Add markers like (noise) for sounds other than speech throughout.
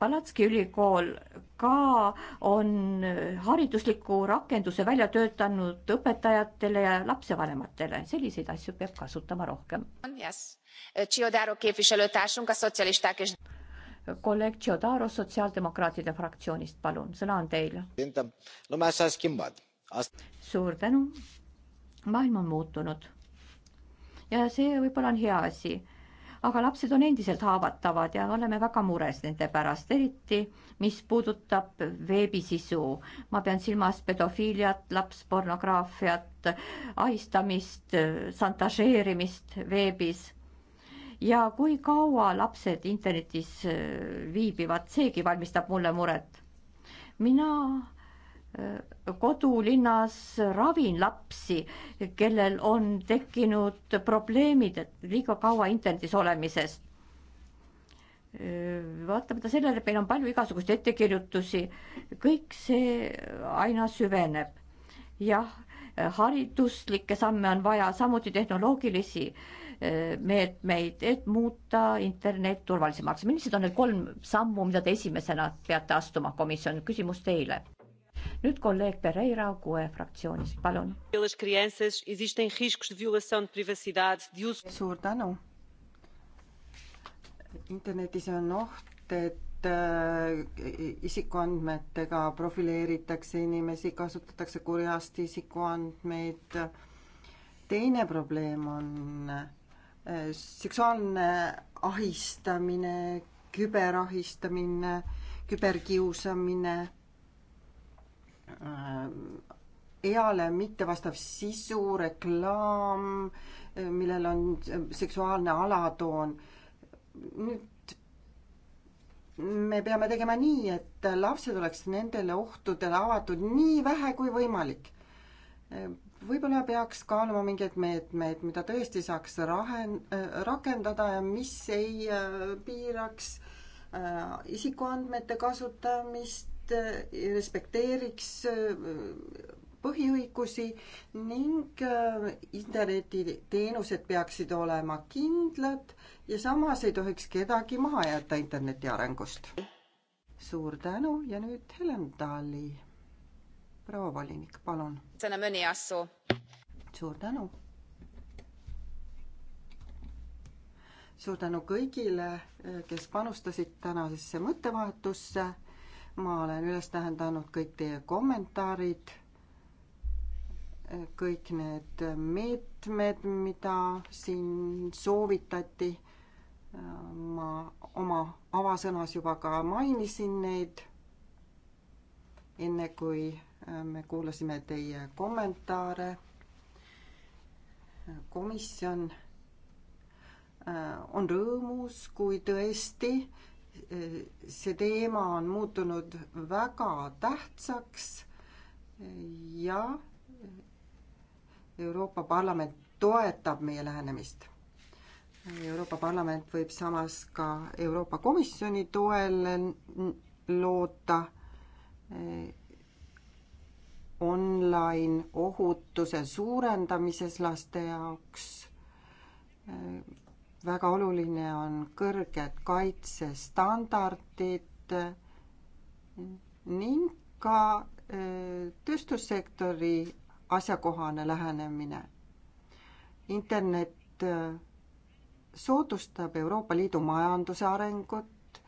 Palatski ülikool ka on haridusliku rakenduse välja töötanud õpetajatele ja lapsevanematele. selliseid asju peab kasutama rohkem yes.. kolleeg Ciodaro Sotsiaaldemokraatide fraktsioonist, palun, sõna on teil. suur tänu. maailm on muutunud. ja see võib-olla on hea asi aga lapsed on endiselt haavatavad ja oleme väga mures nende pärast, eriti mis puudutab veebisisu. ma pean silmas pedofiiliat, lapspornograafiat, ahistamist, šantažeerimist veebis ja kui kaua lapsed internetis viibivad, seegi valmistab mulle muret. mina kodulinnas ravin lapsi, kellel on tekkinud probleemid liiga kaua internetis olemisest. vaatamata sellele, et meil on palju igasuguseid ettekirjutusi, kõik see aina süveneb. jah, hariduslikke samme on vaja, samuti tehnoloogilisi eh, meetmeid, et muuta internet turvalisemaks. millised on need kolm sammu, mida te esimesena peate astuma, komisjon, küsimus teile nüüd kolleeg Pereira kuue fraktsioonist, palun. suur tänu. internetis on oht, et äh, isikuandmetega profileeritakse inimesi, kasutatakse kurjasti isikuandmeid. teine probleem on äh, seksuaalne ahistamine, küberahistamine, küberkiusamine Äh, eale mittevastav sisu, reklaam, äh, millel on seksuaalne alatoon. nüüd me peame tegema nii, et lapsed oleks nendele ohtudele avatud nii vähe kui võimalik. Äh, võib-olla peaks kaaluma mingeid meetmeid, mida tõesti saaks rahen-, rakendada ja mis ei piiraks isikuandmete kasutamist, Äh, respekteeriks äh, põhiõigusi ning äh, internetiteenused peaksid olema kindlad ja samas ei tohiks kedagi maha jätta interneti arengust. suur tänu ja nüüd Helen Tali. proua volinik, palun. suur tänu. suur tänu kõigile, kes panustasid tänasesse mõttevahetusse ma olen üles tähendanud kõik teie kommentaarid, kõik need meetmed, mida siin soovitati. ma oma avasõnas juba ka mainisin neid. enne kui me kuulasime teie kommentaare. komisjon äh, on rõõmus, kui tõesti äh, see teema on muutunud väga tähtsaks ja Euroopa Parlament toetab meie lähenemist. Euroopa Parlament võib samas ka Euroopa Komisjoni toel loota online ohutuse suurendamises laste jaoks väga oluline on kõrged kaitsestandardid ning ka äh, tööstussektori asjakohane lähenemine. internet äh, soodustab Euroopa Liidu majanduse arengut, äh,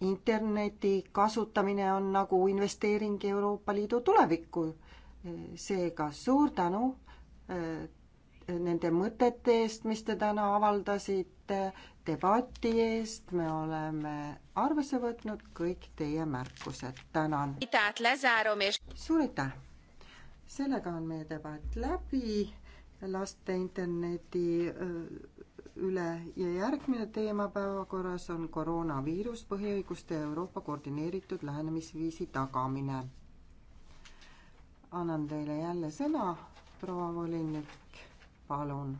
interneti kasutamine on nagu investeering Euroopa Liidu tulevikku. seega suur tänu nende mõtete eest, mis te täna avaldasite, debati eest, me oleme arvesse võtnud kõik teie märkused, tänan. suur aitäh! sellega on meie debatt läbi laste interneti üle ja järgmine teema päevakorras on koroonaviirus, põhiõiguste Euroopa koordineeritud lähenemisviisi tagamine. annan teile jälle sõna, proua volinik palun.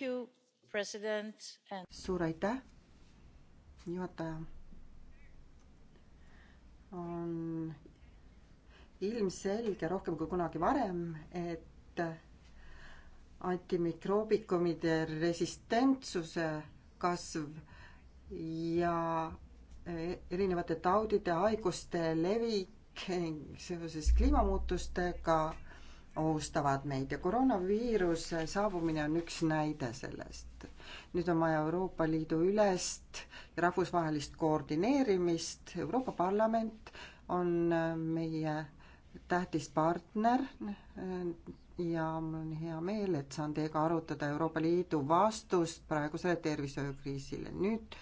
You, and... suur aitäh, juhataja. on ilmselge rohkem kui kunagi varem, et antimikroobikumide resistentsuse kasv ja e, erinevate taudide, haiguste levik seoses kliimamuutustega ohustavad meid ja koroonaviiruse saabumine on üks näide sellest. nüüd on vaja Euroopa Liidu ülest ja rahvusvahelist koordineerimist, Euroopa Parlament on e, meie tähtis partner ja mul on hea meel, et saan teiega arutada Euroopa Liidu vastust praegusele tervishoiukriisile. nüüd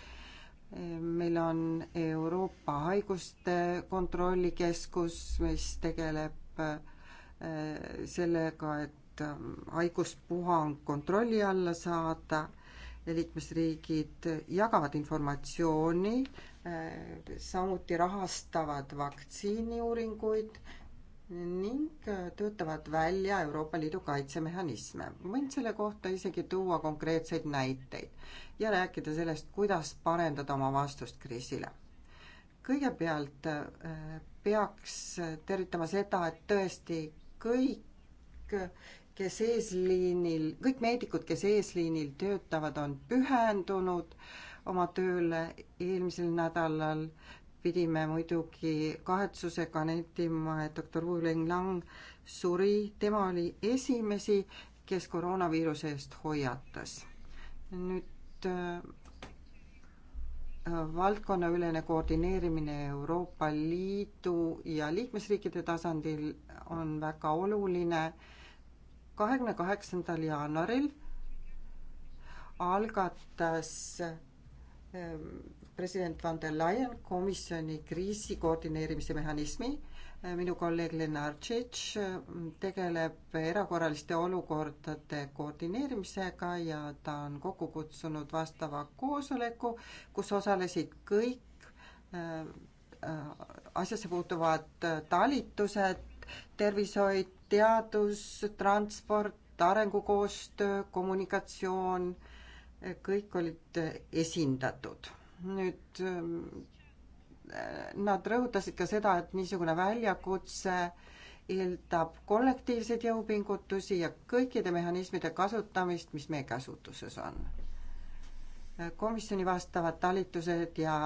eh, meil on Euroopa Haiguste Kontrollikeskus, mis tegeleb eh, sellega, et eh, haiguspuhang kontrolli alla saada ja liikmesriigid jagavad informatsiooni, samuti rahastavad vaktsiiniuuringuid ning äh, töötavad välja Euroopa Liidu kaitsemehhanisme. võin selle kohta isegi tuua konkreetseid näiteid ja rääkida sellest, kuidas parendada oma vastust kriisile. kõigepealt äh, peaks tervitama seda, et tõesti kõik, kes eesliinil, kõik meedikud, kes eesliinil töötavad, on pühendunud oma tööle eelmisel nädalal pidime muidugi kahetsusega nentima, et doktor Wu Leng-Lang suri, tema oli esimesi, kes koroonaviiruse eest hoiatas. nüüd äh, valdkonnaülene koordineerimine Euroopa Liidu ja liikmesriikide tasandil on väga oluline. kahekümne kaheksandal jaanuaril algatas ähm, president van der Leyen komisjoni kriisi koordineerimise mehhanismi. minu kolleeg Lennar Tšetš mm, tegeleb erakorraliste olukordade koordineerimisega ja ta on kokku kutsunud vastava koosoleku, kus osalesid kõik äh, äh, asjasse puutuvad äh, talitused, tervishoid, teadus, transport, arengukoostöö, kommunikatsioon, kõik olid esindatud nüüd ähm, nad rõhutasid ka seda, et niisugune väljakutse eeldab kollektiivseid jõupingutusi ja kõikide mehhanismide kasutamist, mis meie käsutuses on. Äh, komisjoni vastavad talitused ja,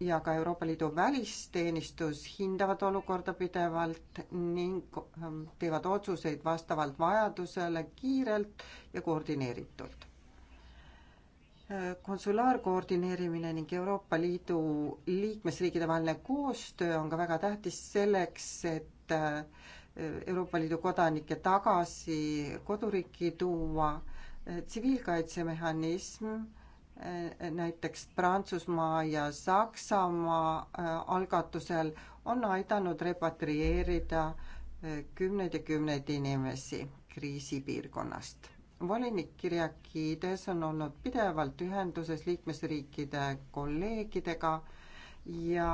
ja ka Euroopa Liidu välisteenistus hindavad olukorda pidevalt ning ähm, teevad otsuseid vastavalt vajadusele kiirelt ja koordineeritult konsulaarkoordineerimine ning Euroopa Liidu liikmesriikide vaheline koostöö on ka väga tähtis selleks, et äh, Euroopa Liidu kodanikke tagasi koduriiki tuua. tsiviilkaitsemehhanism äh, näiteks Prantsusmaa ja Saksamaa äh, algatusel on aidanud repatrieerida kümneid ja kümneid inimesi kriisipiirkonnast volinik Kirjakides on olnud pidevalt ühenduses liikmesriikide kolleegidega ja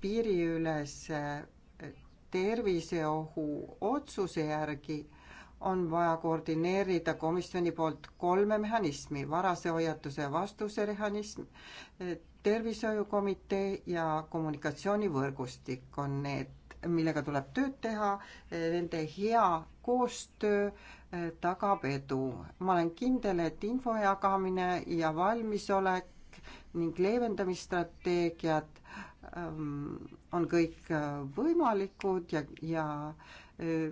piiriülese terviseohu otsuse järgi on vaja koordineerida komisjoni poolt kolme mehhanismi, varase hoiatuse ja vastuse mehhanism, tervishoiukomitee ja kommunikatsioonivõrgustik on need, millega tuleb tööd teha, nende hea koostöö tagab edu. ma olen kindel, et info jagamine ja valmisolek ning leevendamisstrateegiad ähm, on kõik äh, võimalikud ja, ja äh,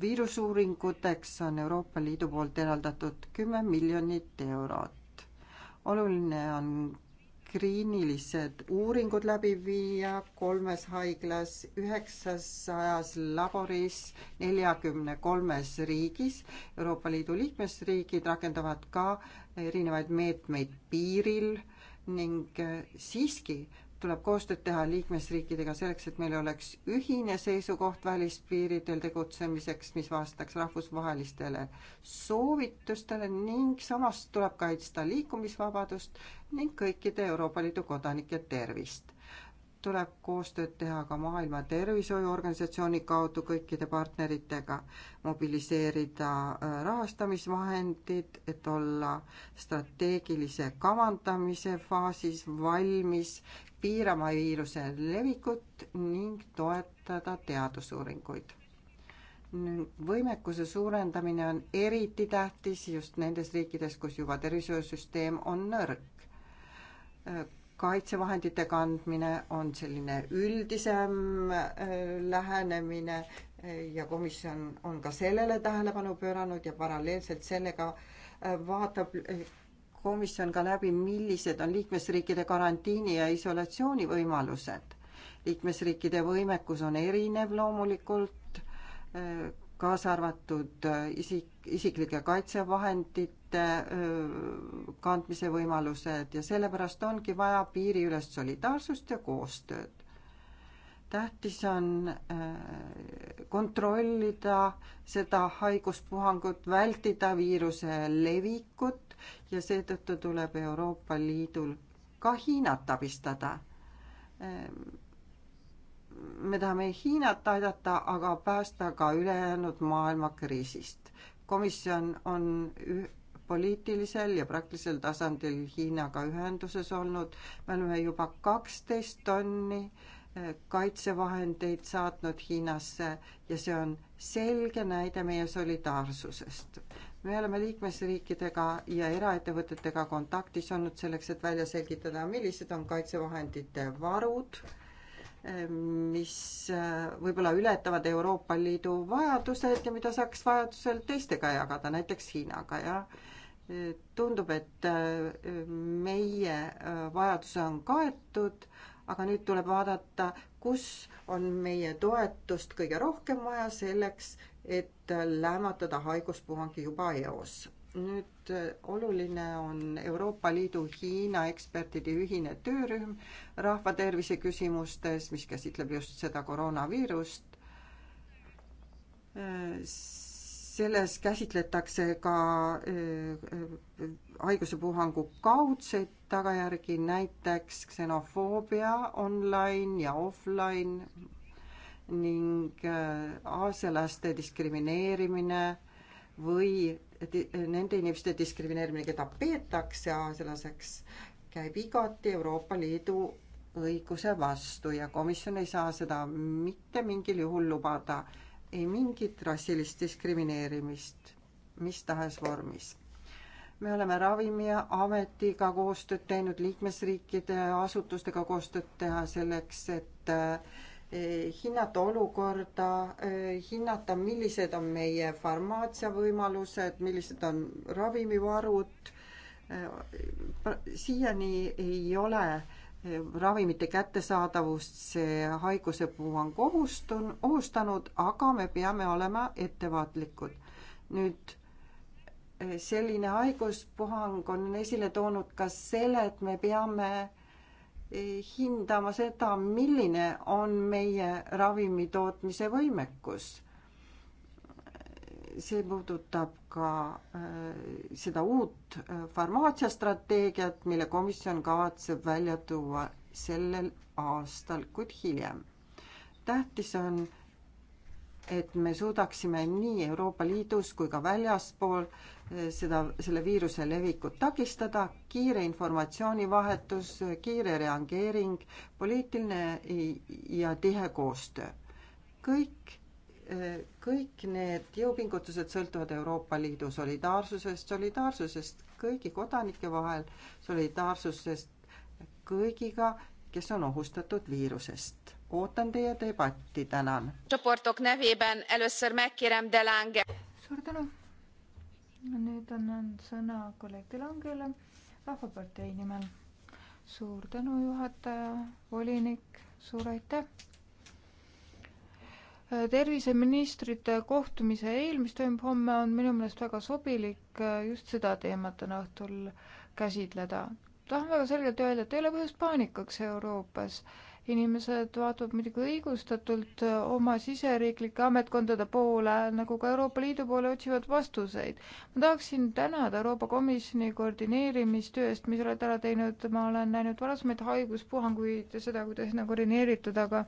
viirusuuringuteks on Euroopa Liidu poolt eraldatud kümme miljonit eurot. oluline on kliinilised uuringud läbi viia kolmes haiglas, üheksasajas laboris, neljakümne kolmes riigis. Euroopa Liidu liikmesriigid rakendavad ka erinevaid meetmeid piiril ning eh, siiski tuleb koostööd teha liikmesriikidega selleks, et meil oleks ühine seisukoht välispiiridel tegutsemiseks, mis vastaks rahvusvahelistele soovitustele ning samas tuleb kaitsta liikumisvabadust ning kõikide Euroopa Liidu kodanike tervist tuleb koostööd teha ka Maailma Tervishoiuorganisatsiooni kaudu kõikide partneritega, mobiliseerida äh, rahastamisvahendid, et olla strateegilise kavandamise faasis valmis piirama viiruse levikut ning toetada teadusuuringuid. võimekuse suurendamine on eriti tähtis just nendes riikides, kus juba tervishoiusüsteem on nõrk äh, kaitsevahendite kandmine on selline üldisem äh, lähenemine äh, ja komisjon on ka sellele tähelepanu pööranud ja paralleelselt sellega äh, vaatab komisjon ka läbi, millised on liikmesriikide karantiini ja isolatsiooni võimalused. liikmesriikide võimekus on erinev loomulikult, kaasa arvatud isik, isiklike kaitsevahendite kandmise võimalused ja sellepärast ongi vaja piiriülest solidaarsust ja koostööd. tähtis on kontrollida seda haiguspuhangut, vältida viiruse levikut ja seetõttu tuleb Euroopa Liidul ka Hiinat abistada me tahame Hiinat aidata, aga päästa ka ülejäänud maailma kriisist komisjon on poliitilisel ja praktilisel tasandil Hiinaga ühenduses olnud, me oleme juba kaksteist tonni eh, kaitsevahendeid saatnud Hiinasse ja see on selge näide meie solidaarsusest. me oleme liikmesriikidega ja eraettevõtetega kontaktis olnud selleks, et välja selgitada, millised on kaitsevahendite varud mis äh, võib-olla ületavad Euroopa Liidu vajadused ja mida saaks vajadusel teistega jagada, näiteks Hiinaga ja äh, tundub, et äh, meie vajadus on kaetud, aga nüüd tuleb vaadata, kus on meie toetust kõige rohkem vaja selleks, et lämmatada haiguspuhangi juba eos nüüd äh, oluline on Euroopa Liidu Hiina ekspertide ühine töörühm rahvatervise küsimustes, mis käsitleb just seda koroonaviirust. Äh, selles käsitletakse ka äh, haigusepuhangu kaudseid tagajärgi, näiteks ksenofoobia online ja offline ning aasialaste diskrimineerimine või nende inimeste diskrimineerimine, keda peetakse aaslaseks, käib igati Euroopa Liidu õiguse vastu ja komisjon ei saa seda mitte mingil juhul lubada. ei mingit rassilist diskrimineerimist mis tahes vormis. me oleme Ravimiametiga koostööd teinud, liikmesriikide asutustega koostööd teha selleks, et Eh, hinnata olukorda, eh, hinnata, millised on meie farmaatsiavõimalused, millised on ravimivarud. Eh, siiani ei ole ravimite kättesaadavust see haigusepuu on kohustun-, ohustanud, aga me peame olema ettevaatlikud. nüüd selline haiguspuhang on esile toonud ka selle, et me peame hindama seda, milline on meie ravimitootmise võimekus. see puudutab ka äh, seda uut äh, farmaatsiastrateegiat, mille komisjon kavatseb välja tuua sellel aastal, kuid hiljem. tähtis on, et me suudaksime nii Euroopa Liidus kui ka väljaspool äh, seda, selle viiruse levikut takistada, kiire informatsioonivahetus, kiire reageering, poliitiline ja tihe koostöö. kõik, kõik need jõupingutused sõltuvad Euroopa Liidu solidaarsusest, solidaarsusest kõigi kodanike vahel, solidaarsusest kõigiga, kes on ohustatud viirusest. ootan teie debatti, tänan. suur tänu nüüd annan sõna kolleeg Delangele Rahvapartei nimel. suur tänu, juhataja, volinik, suur aitäh! terviseministrite kohtumise eel, mis toimub homme, on minu meelest väga sobilik eh, just seda teemat täna õhtul käsitleda. tahan väga selgelt öelda, et ei ole põhjust paanikaks Euroopas äh, inimesed vaatavad muidugi õigustatult äh, oma siseriiklike ametkondade poole, nagu ka Euroopa Liidu poole, otsivad vastuseid. ma tahaksin tänada Euroopa Komisjoni koordineerimistöö eest, mis olete ära teinud, ma olen näinud varasemaid haiguspuhanguid ja seda, kuidas neid on koordineeritud, aga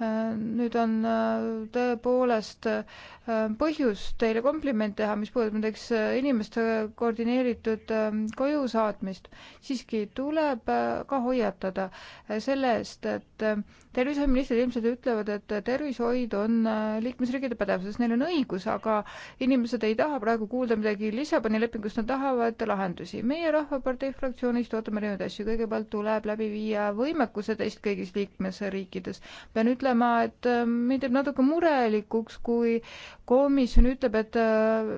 nüüd on äh, tõepoolest äh, põhjust teile kompliment teha, mis puudutab näiteks äh, inimeste koordineeritud ähm, koju saatmist. siiski tuleb ka hoiatada selle eest, et tervishoiuministrid ilmselt ütlevad, et tervishoid on äh, liikmesriikide pädevuses, neil on õigus, aga inimesed ei taha praegu kuulda midagi Lissaboni lepingust, nad tahavad lahendusi. meie Rahvapartei fraktsioonist ootame erinevaid asju, kõigepealt tuleb läbi viia võimekuse test kõigis liikmesriikides. pean ütlema, et äh, mind teeb natuke murelikuks, kui komisjon ütleb, et äh,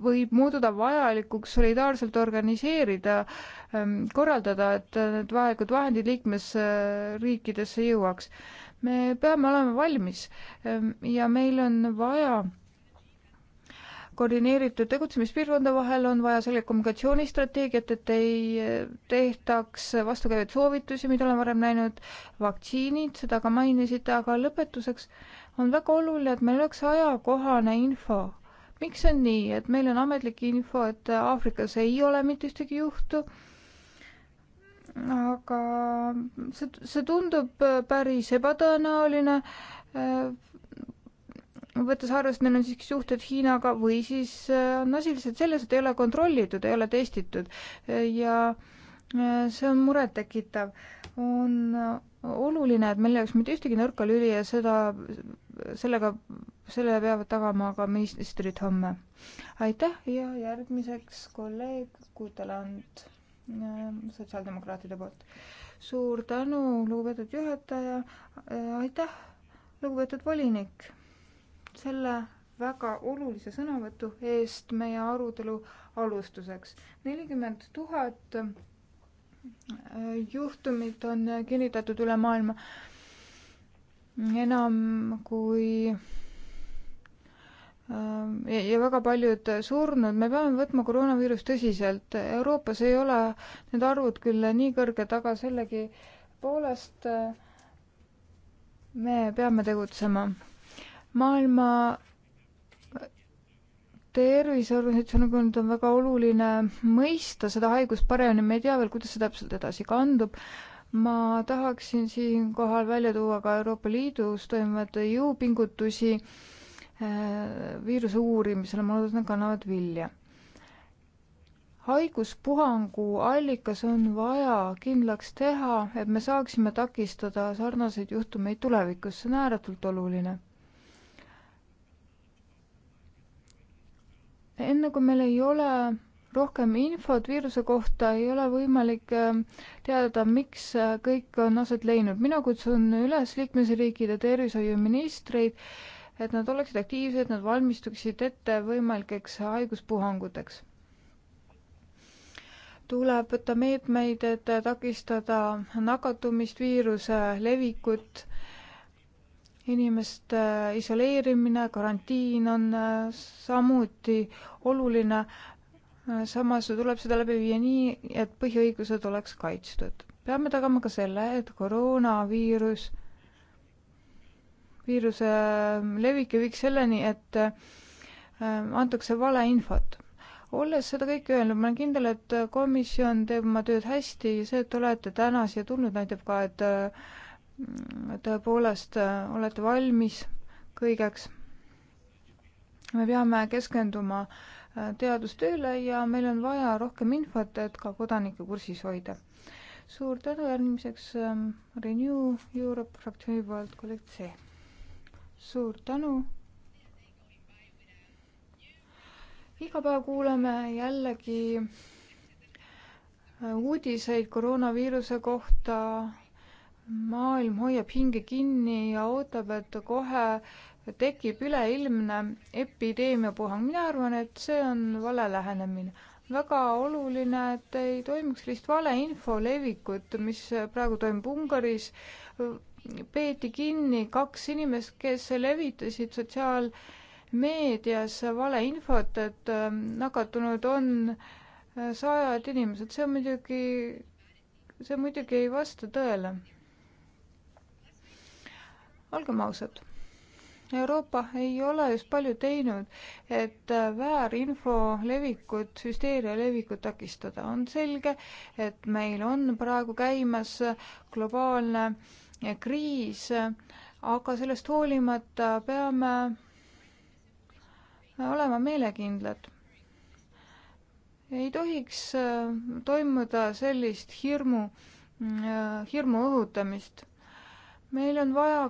võib muutuda vajalikuks solidaarselt organiseerida äh, Ähm, korraldada, et äh, need vajalikud vahendid liikmesriikidesse jõuaks. me peame olema valmis ähm, ja meil on vaja koordineeritud tegutsemispiirkonda vahel on vaja selget kommunikatsioonistrateegiat, et ei äh, tehtaks vastukäivaid soovitusi, mida oleme varem näinud, vaktsiinid, seda ka mainisite, aga lõpetuseks on väga oluline, et meil oleks ajakohane info. miks on nii, et meil on ametlik info, et Aafrikas ei ole mitte ühtegi juhtu aga see, see tundub äh, päris ebatõenäoline, äh, võttes arvesse, et neil on siiski suhted Hiinaga või siis äh, on asi lihtsalt selles, et ei ole kontrollitud, ei ole testitud ja see on murettekitav. on oluline, et meil ei oleks mitte ühtegi nõrka lüli ja seda, sellega, selle peavad tagama ka ministrid homme. aitäh ja järgmiseks kolleeg Kutelant Äh, sotsiaaldemokraatide poolt. suur tänu, lugupeetud juhataja, äh, aitäh, lugupeetud volinik, selle väga olulise sõnavõtu eest meie arutelu alustuseks. nelikümmend tuhat äh, juhtumit on kinnitatud üle maailma enam kui Ehm, ja väga paljud surnud, me peame võtma koroonaviirust tõsiselt. Euroopas ei ole need arvud küll nii kõrged, aga sellegipoolest eh, me peame tegutsema. maailma terviseorganisatsiooniga on väga oluline mõista seda haigust paremini, me ei tea veel, kuidas see täpselt edasi kandub. ma tahaksin siinkohal välja tuua ka Euroopa Liidus toimuvaid jõupingutusi viiruse uurimisele, ma loodan, et nad kannavad vilja. haiguspuhangu allikas on vaja kindlaks teha, et me saaksime takistada sarnaseid juhtumeid tulevikus, see on ääretult oluline. enne kui meil ei ole rohkem infot viiruse kohta ei ole võimalik äh, teada, miks äh, kõik on aset leidnud. mina kutsun üles liikmesriikide tervishoiuministreid et nad oleksid aktiivsed, nad valmistuksid ette võimalikeks haiguspuhanguteks. tuleb võtta meetmeid, et takistada nakatumist, viiruse levikut, inimeste isoleerimine, karantiin on samuti oluline, samas tuleb seda läbi viia nii, et põhiõigused oleks kaitstud. peame tagama ka selle, et koroonaviirus viiruse ähm, levik ei viiks selleni, et ähm, antakse valeinfot. olles seda kõike öelnud, ma olen kindel, et komisjon teeb oma tööd hästi ja see, et olete täna siia tulnud, näitab ka, et äh, tõepoolest äh, olete valmis kõigeks. me peame keskenduma äh, teadustööle ja meil on vaja rohkem infot, et ka kodanikke kursis hoida suur tänu, järgmiseks ähm, Renew Europe fraktsiooni poolt kolleeg C suur tänu. iga päev kuuleme jällegi äh, uudiseid koroonaviiruse kohta. maailm hoiab hinge kinni ja ootab, et kohe tekib üleilmne epideemiapuhang. mina arvan, et see on vale lähenemine. väga oluline, et ei toimuks sellist valeinfo levikut, mis praegu toimub Ungaris peeti kinni kaks inimest, kes levitasid sotsiaalmeedias valeinfot, et ähm, nakatunud on äh, sajad inimesed, see on muidugi, see muidugi ei vasta tõele. olgem ausad Euroopa ei ole just palju teinud, et äh, väärinfo levikut, hüsteeria levikut takistada. on selge, et meil on praegu käimas äh, globaalne kriis, aga sellest hoolimata peame olema meelekindlad. ei tohiks äh, toimuda sellist hirmu, mm, äh, hirmu õhutamist. meil on vaja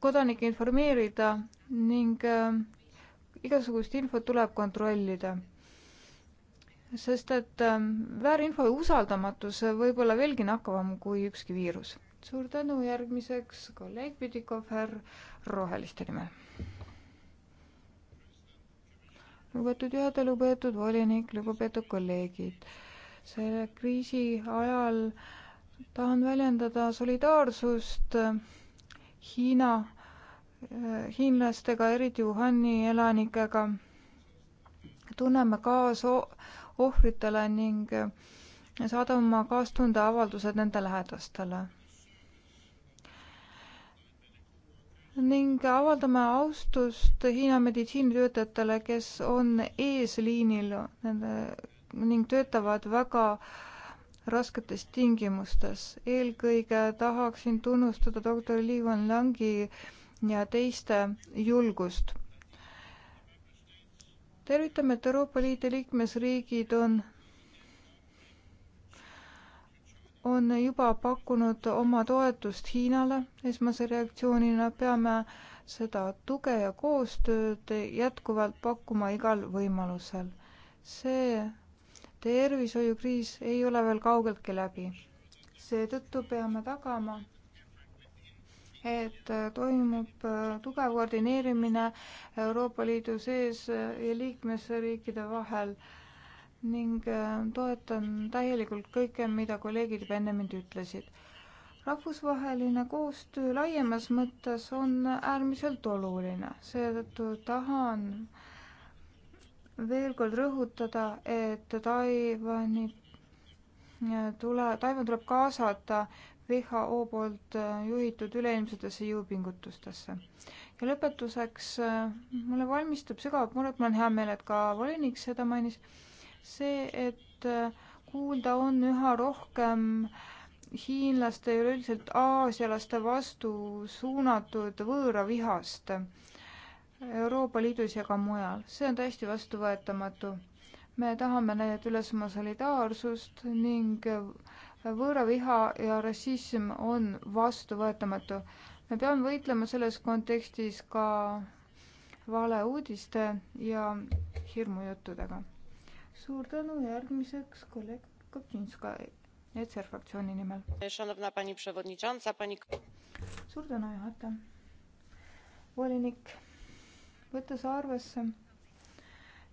kodanikke informeerida ning äh, igasugust infot tuleb kontrollida sest et ähm, väärinfo ja usaldamatus võib olla veelgi nakkavam kui ükski viirus. suur tänu, järgmiseks kolleeg Pidikofer Roheliste nimel. lugupeetud juhataja, lugupeetud volinik, lugupeetud kolleegid. selle kriisi ajal tahan väljendada solidaarsust äh, Hiina, äh, hiinlastega, eriti Wuhani elanikega tunneme kaasa ohvritele ning saada oma kaastunde avaldused nende lähedastele. ning avaldame austust Hiina meditsiinitöötajatele, kes on eesliinil nende ning töötavad väga rasketes tingimustes. eelkõige tahaksin tunnustada doktor Li Wanlangi ja teiste julgust tervitame, et Euroopa Liidu liikmesriigid on, on juba pakkunud oma toetust Hiinale esmase reaktsioonina, peame seda tuge ja koostööd jätkuvalt pakkuma igal võimalusel. see tervishoiukriis ei ole veel kaugeltki läbi. seetõttu peame tagama et äh, toimub äh, tugev koordineerimine Euroopa Liidu sees äh, ja liikmesriikide vahel ning toetan täielikult kõike, mida kolleegid juba enne mind ütlesid. rahvusvaheline koostöö laiemas mõttes on äärmiselt oluline, seetõttu tahan veel kord rõhutada, et Taiwan'i tule, Taiwan tuleb kaasata WHO poolt äh, juhitud üleilmsetesse jõupingutustesse. ja lõpetuseks, äh, mulle valmistab sügavat muret, mul on hea meel, et ka volinik seda mainis, see, et äh, kuulda on üha rohkem hiinlaste ja üleüldiselt aasialaste vastu suunatud võõravihast Euroopa Liidus ja ka mujal. see on täiesti vastuvõetamatu. me tahame näidata üles oma solidaarsust ning äh, võõraviha ja rassism on vastuvõetamatu. me peame võitlema selles kontekstis ka valeuudiste ja hirmujuttudega. suur tänu, järgmiseks kolleeg Kopšinska ECR fraktsiooni nimel. suur tänu, juhataja. volinik, võttes arvesse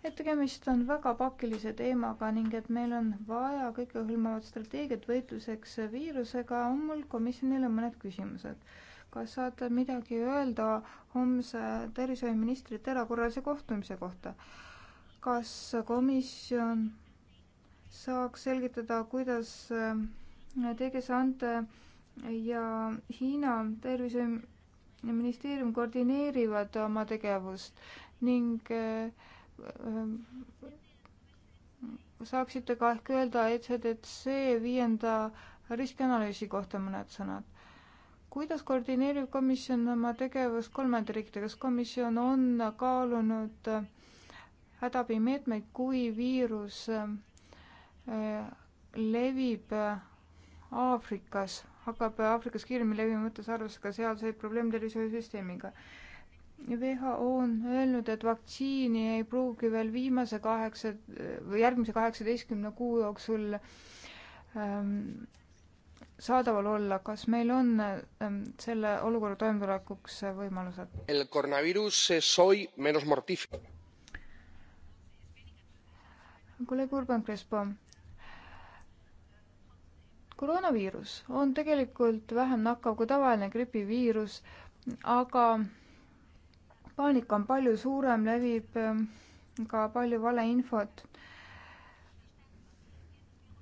et tegemist on väga pakilise teemaga ning et meil on vaja kõikehõlmavat strateegiat võitluseks viirusega, on mul komisjonile mõned küsimused. kas saate midagi öelda homse tervishoiuministrite erakorralise kohtumise kohta? kas komisjon saaks selgitada, kuidas äh, TG Sante ja Hiina terviseministeerium koordineerivad oma tegevust ning äh, Ehm, saaksite ka ehk öelda ECDC viienda riskianalüüsi kohta mõned sõnad. kuidas koordineerib komisjon oma tegevust kolmandate riikidega, kas komisjon on kaalunud äh, hädaabimeetmeid, kui viirus äh, levib äh, Aafrikas, hakkab Aafrikas kiiremini levima, võttes arvesse ka sealseid probleeme tervishoiusüsteemiga? WHO on öelnud, et vaktsiini ei pruugi veel viimase kaheksa või järgmise kaheksateistkümne kuu jooksul ähm, saadaval olla, kas meil on ähm, selle olukorra toimetulekuks võimalused? kolleeg Urban Crespo. koroonaviirus on tegelikult vähem nakkav kui tavaline gripiviirus, aga paanika on palju suurem, levib ähm, ka palju valeinfot.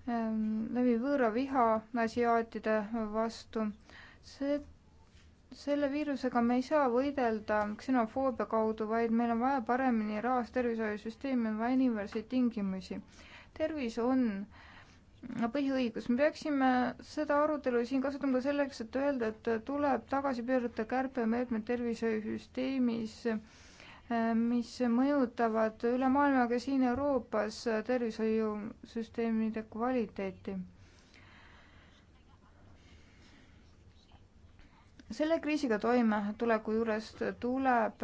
Ähm, levib võõra viha asiaatide vastu. see, selle viirusega me ei saa võidelda ksenofoobia kaudu, vaid meil on vaja paremini rahast tervishoiusüsteemi, on vaja inimväärseid tingimusi. tervis on äh, põhiõigus. me peaksime seda arutelu siin kasutama ka selleks, et öelda, et tuleb tagasi pöörata kärpemeetmed tervishoiusüsteemis, mis mõjutavad üle maailma ka siin Euroopas tervishoiusüsteemide kvaliteeti. selle kriisiga toimetuleku juures tuleb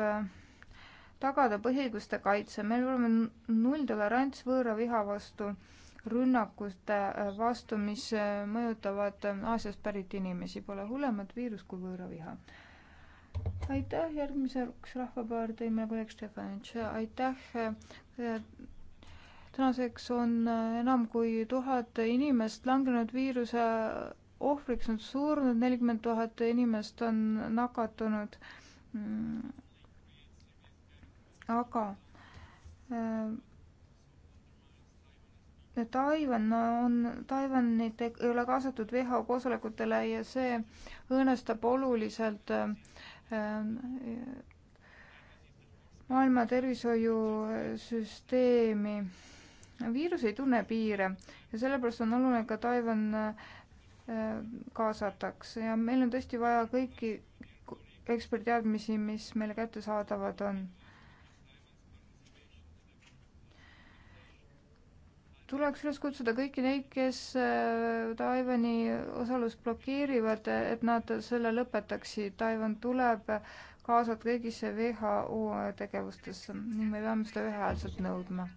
tagada põhiõiguste kaitse, meil peab olema nulltolerants võõra viha vastu rünnakute äh, vastu, mis äh, mõjutavad äh, Aasiast pärit inimesi. Pole hullemat viirust kui võõraviha. aitäh, järgmiseks Rahvapartei Megu Ekstefanitš, aitäh. tänaseks on enam kui tuhat inimest langenud viiruse ohvriks, on surnud, nelikümmend tuhat inimest on nakatunud. Mm. aga äh, Taiwan on, Taiwanit ei ole kaasatud WHO koosolekutele ja see õõnestab oluliselt äh, äh, maailma tervishoiusüsteemi. viirus ei tunne piire ja sellepärast on oluline ka Taiwan äh, kaasatakse ja meil on tõesti vaja kõiki ekspertteadmisi, mis meile kättesaadavad on tuleks üles kutsuda kõiki neid, kes äh, Taiwan'i osalust blokeerivad, et nad selle lõpetaksid. Taiwan tuleb kaasata kõigisse WHO tegevustesse ning me peame seda ühehäälselt nõudma.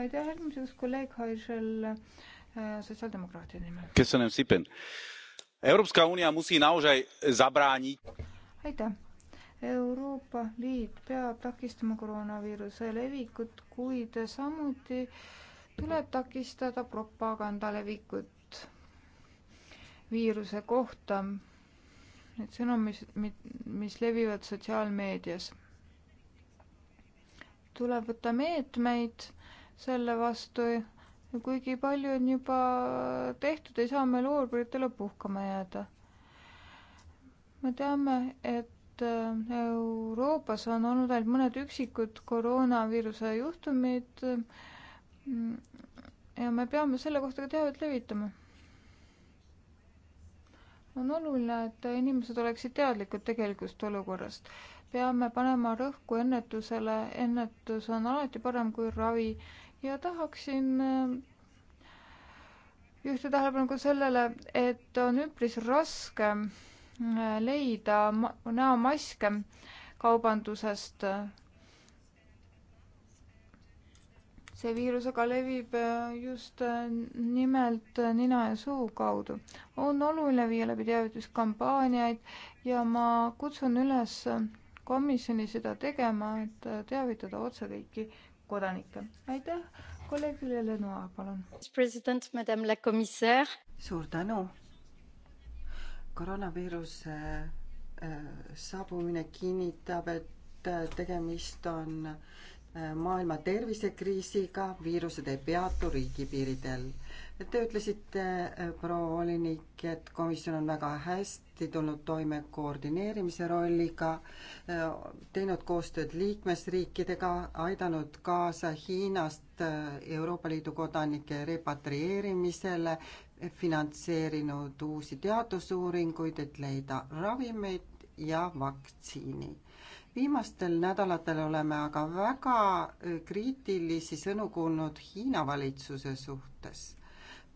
aitäh, järgmiseks kolleeg Haisel äh, sotsiaaldemokraatide nimel. Euroopa Unia musi nausai zabraani. aitäh. Euroopa Liit peab takistama koroonaviiruse levikut, kuid samuti äh, tuleb takistada propaganda levikut viiruse kohta. Need sõnumid, mis levivad sotsiaalmeedias. tuleb võtta meetmeid selle vastu ja kuigi palju on juba tehtud, ei saa me loorberitele puhkama jääda. me teame, et äh, Euroopas on olnud ainult mõned üksikud koroonaviiruse juhtumid mm, ja me peame selle kohta ka teavet levitama. on oluline, et inimesed oleksid teadlikud tegelikust olukorrast. peame panema rõhku ennetusele, ennetus on alati parem kui ravi ja tahaksin eh, juhtida tähelepanu ka sellele, et on üpris raske eh, leida näomaske kaubandusest see viirus aga levib äh, just äh, nimelt äh, nina ja suu kaudu. on oluline viia läbi teavituskampaaniaid ja ma kutsun üles komisjoni seda tegema, et teavitada otse kõiki kodanikke. aitäh, kolleeg Vilja Lenoir, palun. president, madame la commissaire. suur tänu. koroonaviiruse saabumine kinnitab, et tegemist on maailma tervisekriisiga, viirused ei peatu riigipiiridel. Te ütlesite, äh, proua volinik, et komisjon on väga hästi tulnud toime koordineerimise rolliga, äh, teinud koostööd liikmesriikidega, aidanud kaasa Hiinast äh, Euroopa Liidu kodanike repatrieerimisele, finantseerinud uusi teadusuuringuid, et leida ravimeid ja vaktsiini viimastel nädalatel oleme aga väga äh, kriitilisi sõnu kuulnud Hiina valitsuse suhtes.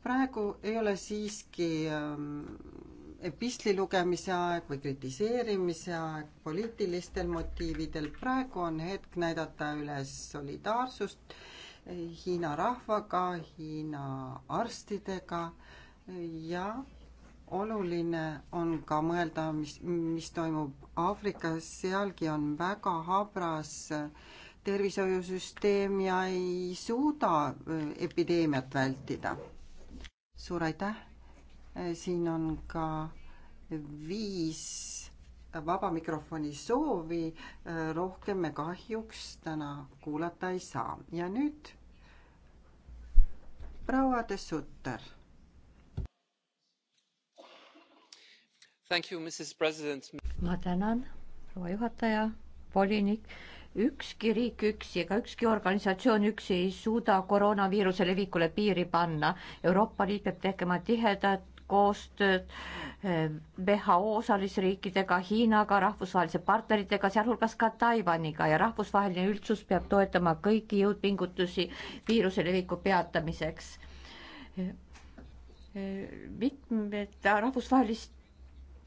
praegu ei ole siiski ähm, epistli lugemise aeg või kritiseerimise aeg poliitilistel motiividel, praegu on hetk näidata üles solidaarsust äh, Hiina rahvaga, Hiina arstidega äh, ja oluline on ka mõelda, mis, mis toimub Aafrikas, sealgi on väga habras tervishoiusüsteem ja ei suuda epideemiat vältida. suur aitäh, siin on ka viis vaba mikrofoni soovi, rohkem me kahjuks täna kuulata ei saa ja nüüd proua de Sutter ma tänan, proua juhataja, volinik. ükski riik üksi ega ükski organisatsioon üksi ei suuda koroonaviiruse levikule piiri panna. Euroopa Liit peab tegema tihedat koostööd WHO eh, osalisriikidega, Hiinaga, rahvusvahelise partneritega, sealhulgas ka Taiwaniga ja rahvusvaheline üldsus peab toetama kõiki jõudpingutusi viiruse leviku peatamiseks. Eh, eh, mitmed rahvusvahelist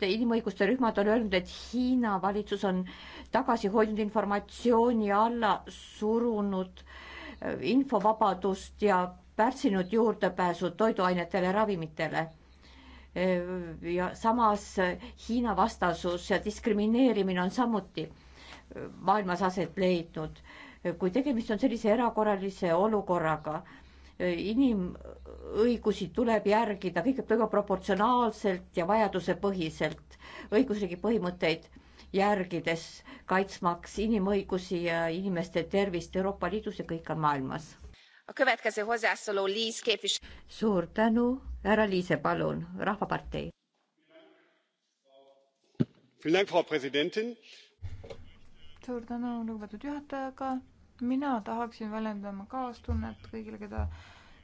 inimõiguste rühmad on öelnud, et Hiina valitsus on tagasi hoidnud informatsiooni alla surunud äh, infovabadust ja pärssinud juurdepääsu toiduainetele, ravimitele. Äh, ja samas äh, Hiina vastasus ja diskrimineerimine on samuti maailmas aset leidnud. kui tegemist on sellise erakorralise olukorraga inimõigusi tuleb järgida kõigepealt väga proportsionaalselt ja vajadusepõhiselt, õigusriigi põhimõtteid järgides, kaitsmaks inimõigusi ja inimeste tervist Euroopa Liidus ja kõikjal maailmas. suur tänu, härra Liise, palun, Rahvapartei. suur tänu, lugupeetud juhataja, aga mina tahaksin väljendada oma kaastunnet kõigile, keda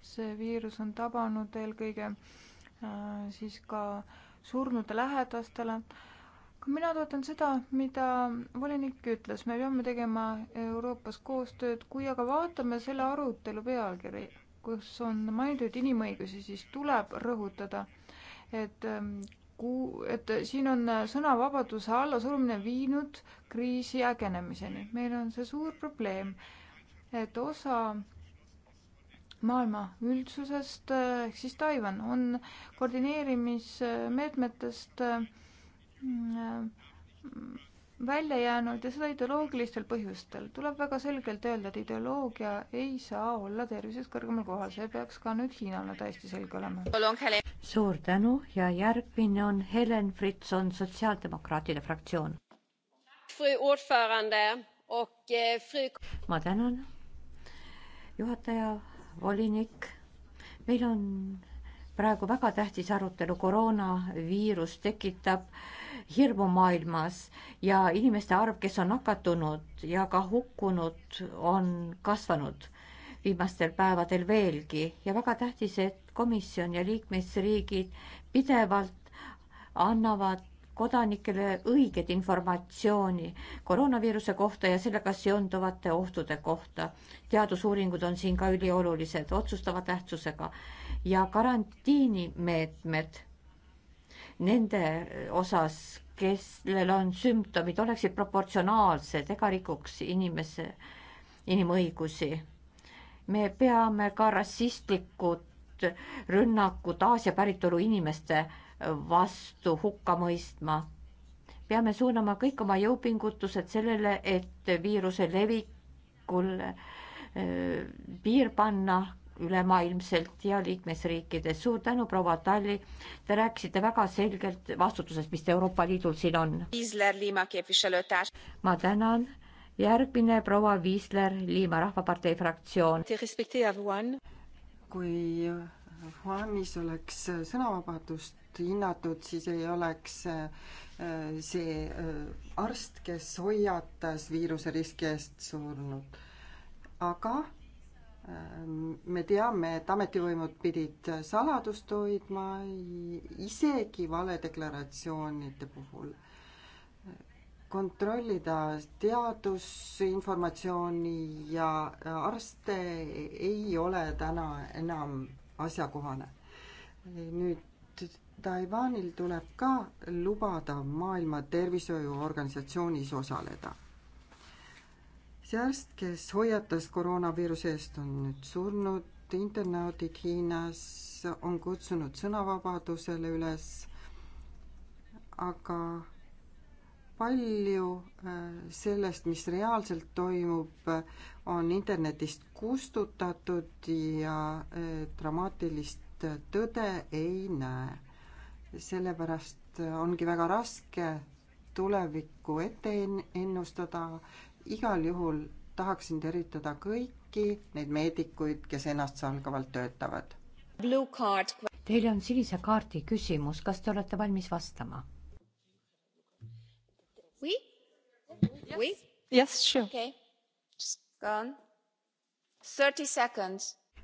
see viirus on tabanud, eelkõige äh, siis ka surnute lähedastele. aga mina toetan seda, mida volinik ütles, me peame tegema Euroopas koostööd, kui aga vaatame selle arutelu pealkiri, kus on mainitud inimõigusi, siis tuleb rõhutada, et ähm, ku-, et siin on sõnavabaduse allasurumine viinud kriisi ägenemiseni. meil on see suur probleem, et osa maailma üldsusest ehk siis Taiwan on koordineerimismeetmetest äh, välja jäänud ja seda ideoloogilistel põhjustel. tuleb väga selgelt öelda, et ideoloogia ei saa olla tervisest kõrgemal kohal, see peaks ka nüüd Hiinale täiesti selge olema. suur tänu ja järgmine on Helen Fritson, Sotsiaaldemokraatide fraktsioon. Eh, ma tänan, juhataja, volinik. meil on praegu väga tähtis arutelu, koroonaviirus tekitab äh, hirmu maailmas ja inimeste arv, kes on nakatunud ja ka hukkunud, on kasvanud viimastel päevadel veelgi ja väga tähtis, et komisjon ja liikmesriigid pidevalt annavad kodanikele õiget informatsiooni koroonaviiruse kohta ja sellega seonduvate ohtude kohta. teadusuuringud on siin ka üliolulised, otsustava tähtsusega ja karantiinimeetmed nende eh, osas, kellel on sümptomid, oleksid proportsionaalsed ega rikuks inimese, inimõigusi. me peame ka rassistlikud rünnakud Aasia päritolu inimeste eh, vastu hukka mõistma. peame suunama kõik oma jõupingutused sellele, et viiruse levikul eh, piir panna ülemaailmselt ja liikmesriikides. suur tänu, proua Talli. Te rääkisite väga selgelt vastutusest, mis Euroopa Liidul siin on. ma tänan. järgmine proua Viisler, Liima Rahvapartei fraktsioon. kui Juanis oleks sõnavabadust hinnatud, siis ei oleks äh, see äh, arst, kes hoiatas viiruse riski eest surnud. aga Ehm, me teame, et ametivõimud pidid saladust hoidma isegi valedeklaratsioonide puhul. kontrollida teadusinformatsiooni ja arste ei ole täna enam asjakohane. nüüd Taiwanil tuleb ka lubada Maailma Tervishoiuorganisatsioonis osaleda arst, kes hoiatas koroonaviiruse eest, on nüüd surnud, internaadid Hiinas on kutsunud sõnavabadusele üles, aga palju äh, sellest, mis reaalselt toimub, on internetist kustutatud ja äh, dramaatilist tõde ei näe. sellepärast ongi väga raske tulevikku ette ennustada igal juhul tahaksin tervitada kõiki neid meedikuid, kes ennastsalgavalt töötavad. Teil on sinise kaardi küsimus, kas te olete valmis vastama?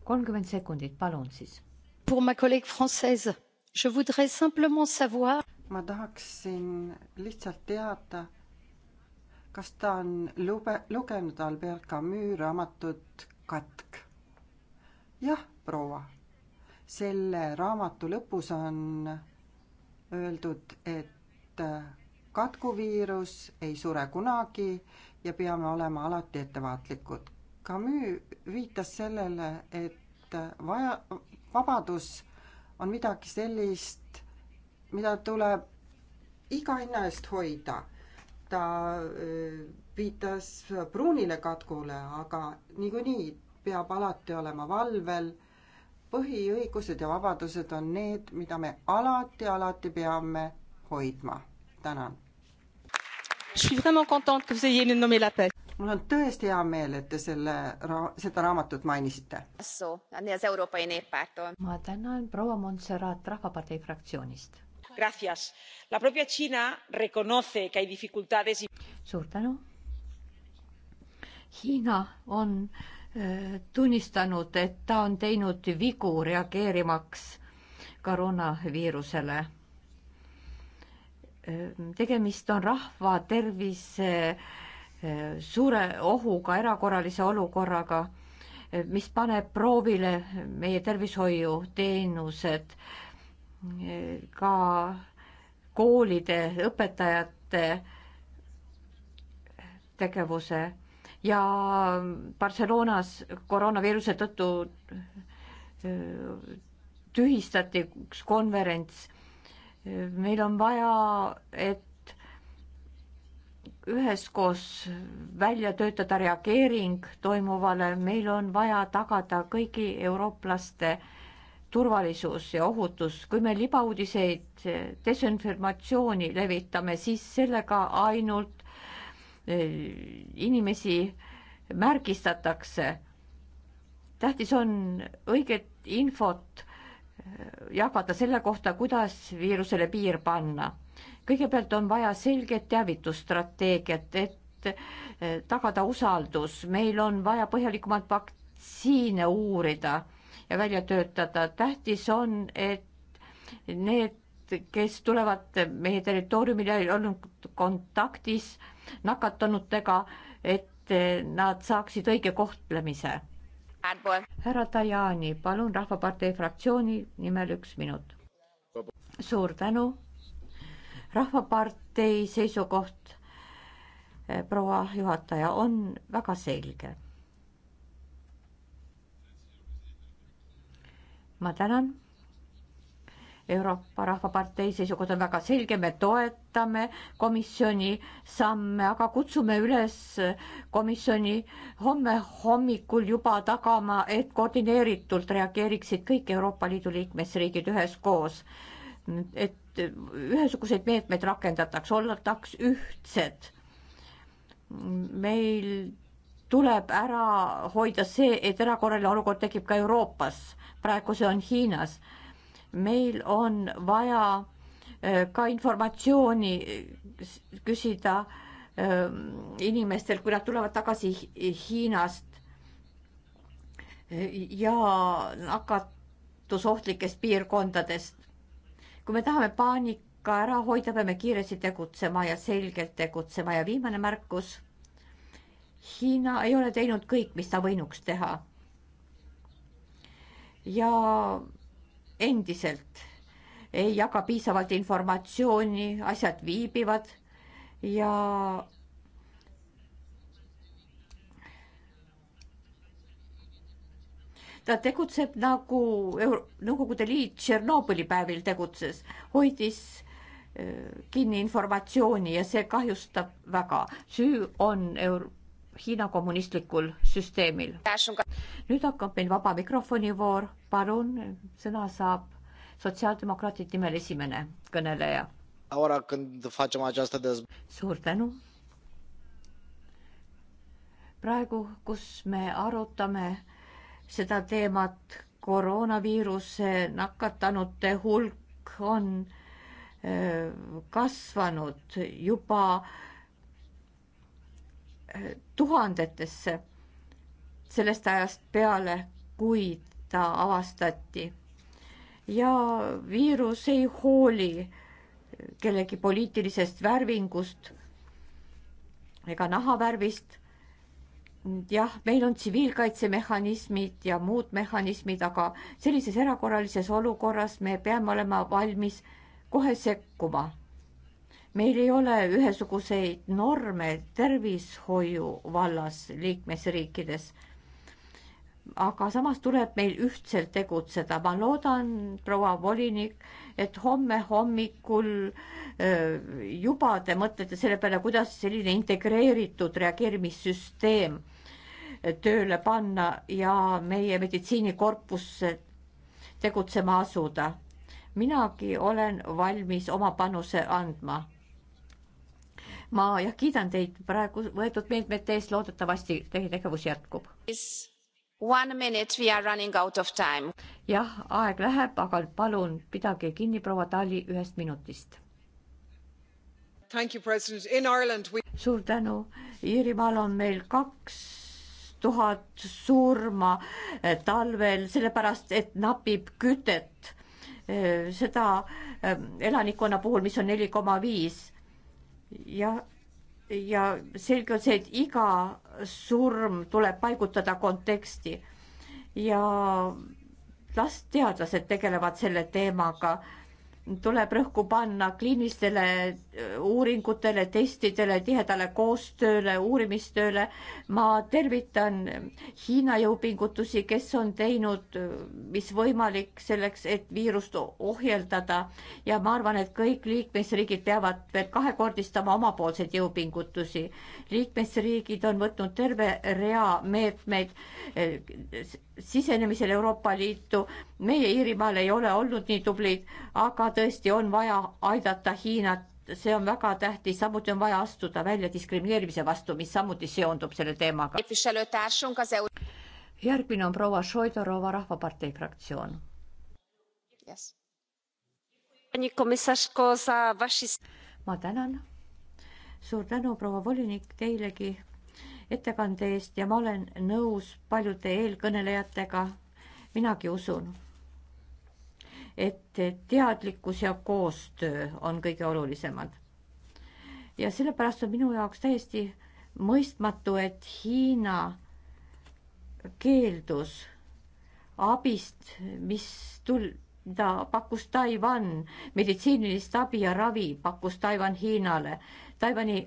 kolmkümmend sekundit, palun siis. Pour ma collègue française, je voudrais simplement savoir. ma tahaksin lihtsalt teada kas ta on lube-, lugenud Albert Camus raamatut Katk? jah, proua. selle raamatu lõpus on öeldud, et äh, katkuviirus ei sure kunagi ja peame olema alati ettevaatlikud. Camus viitas sellele, et äh, vaja, vabadus on midagi sellist, mida tuleb iga hinna eest hoida ta viitas pruunile katkule, aga niikuinii peab alati olema valvel. põhiõigused ja vabadused on need, mida me alati, alati peame hoidma. tänan. mul on tõesti hea meel, et te selle ra-, seda raamatut mainisite. ma tänan proua Montserrat Rahvapartei fraktsioonist la propia china reconoce que hay dificultades. suur tänu. Hiina on äh, tunnistanud, et ta on teinud vigu reageerimaks koroonaviirusele. Äh, tegemist on rahva tervise äh, suure ohuga, erakorralise olukorraga, mis paneb proovile meie tervishoiuteenused ka koolide õpetajate tegevuse ja Barcelonas koroonaviiruse tõttu tühistati üks konverents. meil on vaja, et üheskoos välja töötada reageering toimuvale, meil on vaja tagada kõigi eurooplaste äh, turvalisus ja ohutus, kui me libauudiseid, eh, desinformatsiooni levitame, siis sellega ainult eh, inimesi märgistatakse. tähtis on õiget infot eh, jagada selle kohta, kuidas viirusele piir panna. kõigepealt on vaja selget teavitusstrateegiat, et tagada usaldus, meil on vaja põhjalikumat vaktsiine uurida välja töötada. tähtis on, et need, kes tulevad meie territooriumile, ei olnud kontaktis nakatunutega, et nad saaksid õige kohtlemise. härra Tajani, palun Rahvapartei fraktsiooni nimel üks minut. suur tänu. rahvapartei seisukoht, eh, proua juhataja, on väga selge ma tänan. Euroopa Rahvapartei seisukoht on väga selge, me toetame komisjoni samme, aga kutsume üles komisjoni homme hommikul juba tagama, et koordineeritult reageeriksid kõik Euroopa Liidu liikmesriigid üheskoos. et ühesuguseid meetmeid rakendataks, ollataks ühtsed. meil tuleb ära hoida see, et erakorraline olukord tekib ka Euroopas praegu see on Hiinas. meil on vaja äh, ka informatsiooni küsida ähm, inimestelt, kui nad tulevad tagasi Hiinast ja nakatusohtlikest piirkondadest. kui me tahame paanika ära hoida, peame kiiresti tegutsema ja selgelt tegutsema ja viimane märkus. Hiina ei ole teinud kõik, mis ta võinuks teha ja endiselt ei jaga piisavalt informatsiooni, asjad viibivad ja ta tegutseb nagu Euro Nõukogude Liit Tšernobõli päevil tegutses, hoidis äh, kinni informatsiooni ja see kahjustab väga. süü on Euro Hiina kommunistlikul süsteemil. nüüd hakkab meil vaba mikrofoni voor, palun, sõna saab sotsiaaldemokraatide nimel esimene kõneleja. suur tänu. praegu, kus me arutame seda teemat, koroonaviiruse nakatanute hulk on äh, kasvanud juba tuhandetesse sellest ajast peale, kui ta avastati. ja viirus ei hooli kellegi poliitilisest värvingust ega nahavärvist. jah, meil on tsiviilkaitsemehhanismid ja muud mehhanismid, aga sellises erakorralises olukorras me peame olema valmis kohe sekkuma meil ei ole ühesuguseid norme tervishoiu vallas liikmesriikides. aga samas tuleb meil ühtselt tegutseda. ma loodan, proua volinik, et homme hommikul juba te mõtlete selle peale, kuidas selline integreeritud reageerimissüsteem tööle panna ja meie meditsiinikorpusse tegutsema asuda minagi olen valmis oma panuse andma ma jah kiidan teid praegu võetud meetmete eest, loodetavasti teie tegevus jätkub. jah, aeg läheb, aga palun pidage kinni proua Tali ühest minutist. We... suur tänu, Iirimaal on meil kaks tuhat surma eh, talvel, sellepärast et napib kütet. Eh, seda eh, elanikkonna puhul, mis on neli koma viis ja, ja selge on see, et iga surm tuleb paigutada konteksti ja las teadlased tegelevad selle teemaga tuleb rõhku panna kliinilistele äh, uuringutele, testidele, tihedale koostööle, uurimistööle. ma tervitan Hiina jõupingutusi, kes on teinud, äh, mis võimalik selleks, et viirust ohjeldada ja ma arvan, et kõik liikmesriigid peavad veel kahekordistama omapoolseid jõupingutusi. liikmesriigid on võtnud terve rea meetmeid äh, sisenemisel Euroopa Liitu. meie Iirimaal ei ole olnud nii tublid, aga tõesti on vaja aidata Hiinat, see on väga tähtis, samuti on vaja astuda välja diskrimineerimise vastu, mis samuti seondub selle teemaga. järgmine on proua Šoidorova Rahvapartei fraktsioon yes.. ma tänan. suur tänu, proua volinik, teilegi ettekande eest ja ma olen nõus paljude eelkõnelejatega. minagi usun, et teadlikkus ja koostöö on kõige olulisemad. ja sellepärast on minu jaoks täiesti mõistmatu, et Hiina keeldus abist, mis tul-, ta pakkus Taiwan, meditsiinilist abi ja ravi pakkus Taiwan Hiinale. Taiwan'i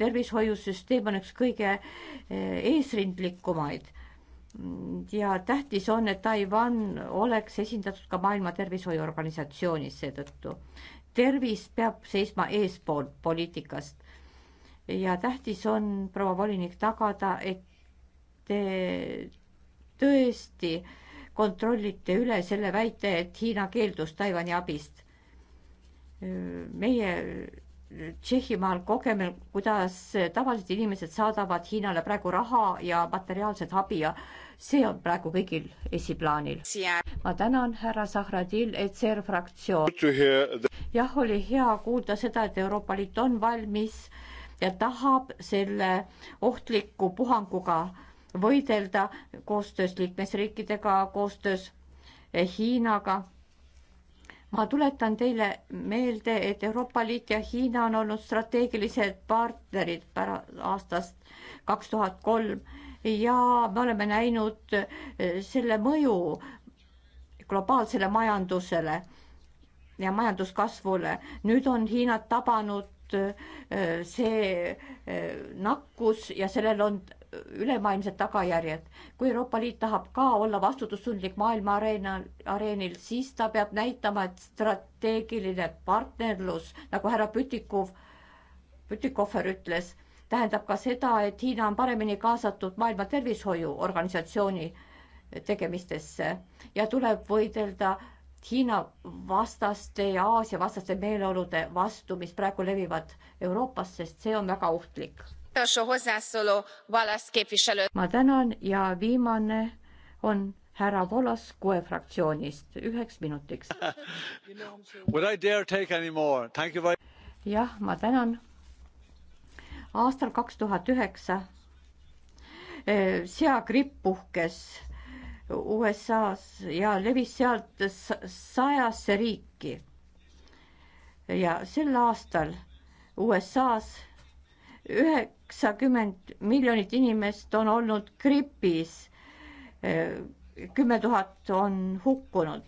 tervishoiusüsteem on üks kõige eh, eesrindlikumaid ja tähtis on, et Taiwan oleks esindatud ka Maailma Tervishoiuorganisatsioonis seetõttu. tervis peab seisma eespool poliitikast ja tähtis on, proua volinik, tagada, et te tõesti kontrollite üle selle väite, et Hiina keeldus Taiwan'i abist. meie Tšehhimaal kogeme, kuidas tavalised inimesed saadavad Hiinale praegu raha ja materiaalset abi ja see on praegu kõigil esiplaanil. ma tänan, härra Zahradil, ECR fraktsioon. jah, oli hea kuulda seda, et Euroopa Liit on valmis ja tahab selle ohtliku puhanguga võidelda koostöös liikmesriikidega, koostöös Hiinaga ma tuletan teile meelde, et Euroopa Liit ja Hiina on olnud strateegilised partnerid pärast aastast kaks tuhat kolm ja me oleme näinud eh, selle mõju globaalsele majandusele ja majanduskasvule. nüüd on Hiinat tabanud eh, see eh, nakkus ja sellel on ülemaailmsed tagajärjed. kui Euroopa Liit tahab ka olla vastutustundlik maailma areenal, areenil, siis ta peab näitama, et strateegiline partnerlus, nagu härra Pütikov, Pütikofer ütles, tähendab ka seda, et Hiina on paremini kaasatud Maailma Tervishoiuorganisatsiooni tegemistesse ja tuleb võidelda Hiina vastaste ja Aasia vastaste meeleolude vastu, mis praegu levivad Euroopas, sest see on väga ohtlik ma tänan ja viimane on härra Volas kuue fraktsioonist üheks minutiks. (laughs) jah, ma tänan. aastal kaks tuhat üheksa eh, seagripp puhkes USA-s ja levis sealt sajasse riiki. ja sel aastal USA-s üheksakümmend miljonit inimest on olnud gripis. kümme tuhat on hukkunud.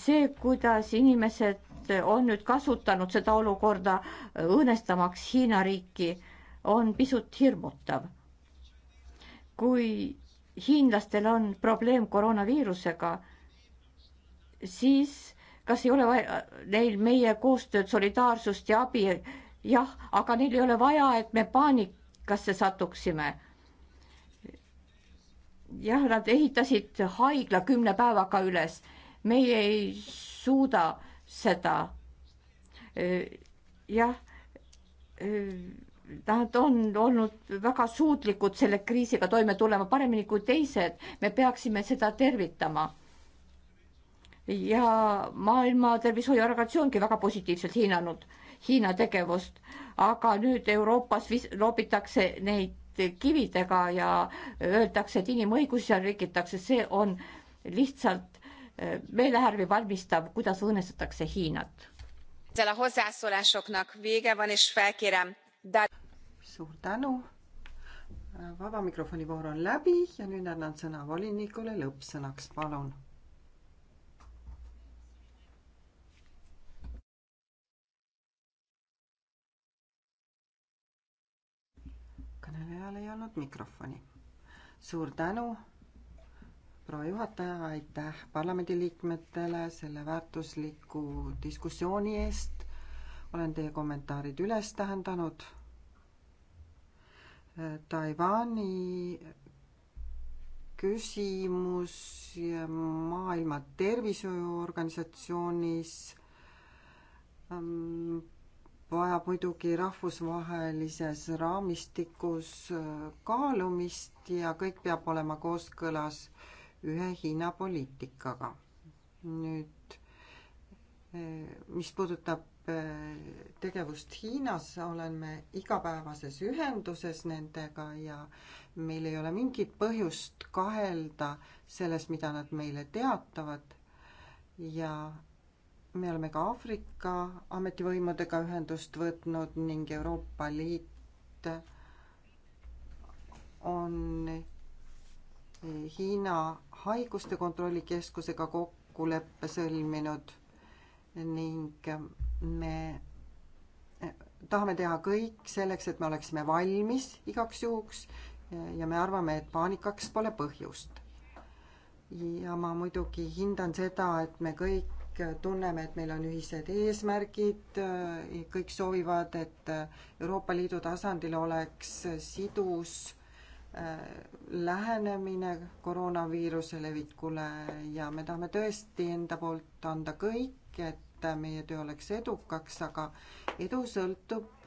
see, kuidas inimesed on nüüd kasutanud seda olukorda õõnestamaks Hiina riiki, on pisut hirmutav. kui hiinlastel on probleem koroonaviirusega, siis kas ei ole vaja neil meie koostööd, solidaarsust ja abi jah, aga neil ei ole vaja, et me paanikasse satuksime. jah, nad ehitasid haigla kümne päevaga üles. meie ei suuda seda. jah, nad on olnud väga suutlikud selle kriisiga toime tulema, paremini kui teised. me peaksime seda tervitama ja Maailma Tervishoiuorganisatsioongi väga positiivselt hinnanud Hiina tegevust, aga nüüd Euroopas vis-, loobitakse neid kividega ja öeldakse, et inimõigusi seal rikitakse, see on lihtsalt eh, meelehärmi valmistav, kuidas õõnestatakse Hiinat. suur tänu. vaba mikrofoni voor on läbi ja nüüd annan sõna volinikule lõppsõnaks, palun kõnelejal ei olnud mikrofoni. suur tänu, proua juhataja, aitäh parlamendiliikmetele selle väärtusliku diskussiooni eest. olen teie kommentaarid üles tähendanud. Taiwan'i küsimus Maailma Tervishoiuorganisatsioonis ähm, vajab muidugi rahvusvahelises raamistikus äh, kaalumist ja kõik peab olema kooskõlas ühe Hiina poliitikaga. nüüd, äh, mis puudutab äh, tegevust Hiinas, oleme igapäevases ühenduses nendega ja meil ei ole mingit põhjust kahelda selles, mida nad meile teatavad ja me oleme ka Aafrika ametivõimudega ühendust võtnud ning Euroopa Liit on Hiina haiguste kontrollikeskusega kokkuleppe sõlminud ning me tahame teha kõik selleks, et me oleksime valmis igaks juhuks ja me arvame, et paanikaks pole põhjust. ja ma muidugi hindan seda, et me kõik kõik tunneme, et meil on ühised eesmärgid, äh, kõik soovivad, et äh, Euroopa Liidu tasandil oleks sidus äh, lähenemine koroonaviiruse levikule ja me tahame tõesti enda poolt anda kõik, et meie töö oleks edukaks, aga edu sõltub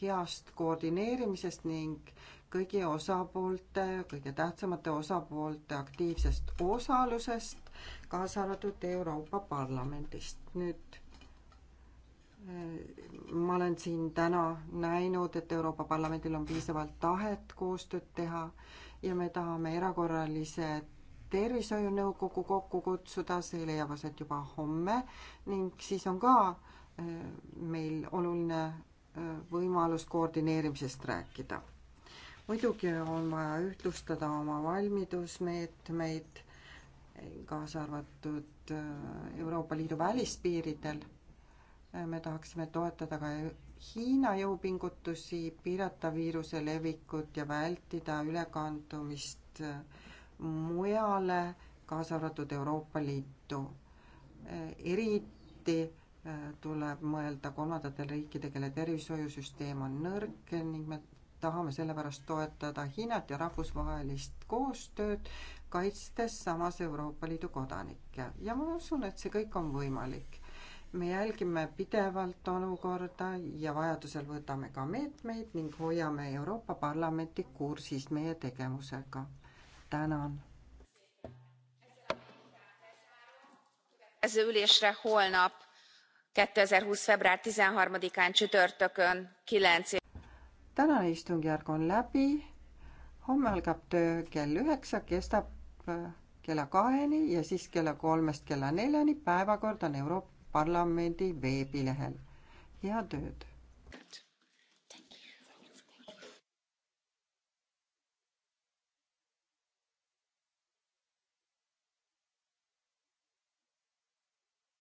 heast koordineerimisest ning kõigi osapoolte, kõige tähtsamate osapoolte aktiivsest osalusest kaasa arvatud Euroopa Parlamendist. nüüd äh, ma olen siin täna näinud, et Euroopa Parlamendil on piisavalt tahet koostööd teha ja me tahame erakorralise tervishoiunõukogu kokku kutsuda, see leiab aset juba homme ning siis on ka äh, meil oluline äh, võimalus koordineerimisest rääkida. muidugi on vaja ühtlustada oma valmidusmeetmeid kaasa arvatud äh, Euroopa Liidu välispiiridel. Äh, me tahaksime toetada ka Hiina jõupingutusi piirata viiruse levikut ja vältida ülekandumist äh, mujale, kaasa arvatud Euroopa Liitu. eriti tuleb mõelda kolmandatel riikidel, kelle tervishoiusüsteem on nõrk ning me tahame sellepärast toetada Hiinat ja rahvusvahelist koostööd, kaitstes samas Euroopa Liidu kodanikke ja ma usun, et see kõik on võimalik. me jälgime pidevalt olukorda ja vajadusel võtame ka meetmeid ning hoiame Euroopa Parlamenti kursis meie tegevusega. tänan. ez ülésre holnap, kétezer-húsz február tizenharmadikán csütörtökön kilenc. tänane istungjärk on läbi homme algab töö kell üheksa, kestab kella kaheni ja siis kella kolmest kella neljani päevakord on Euroopa Parlamendi veebilehel. head ööd!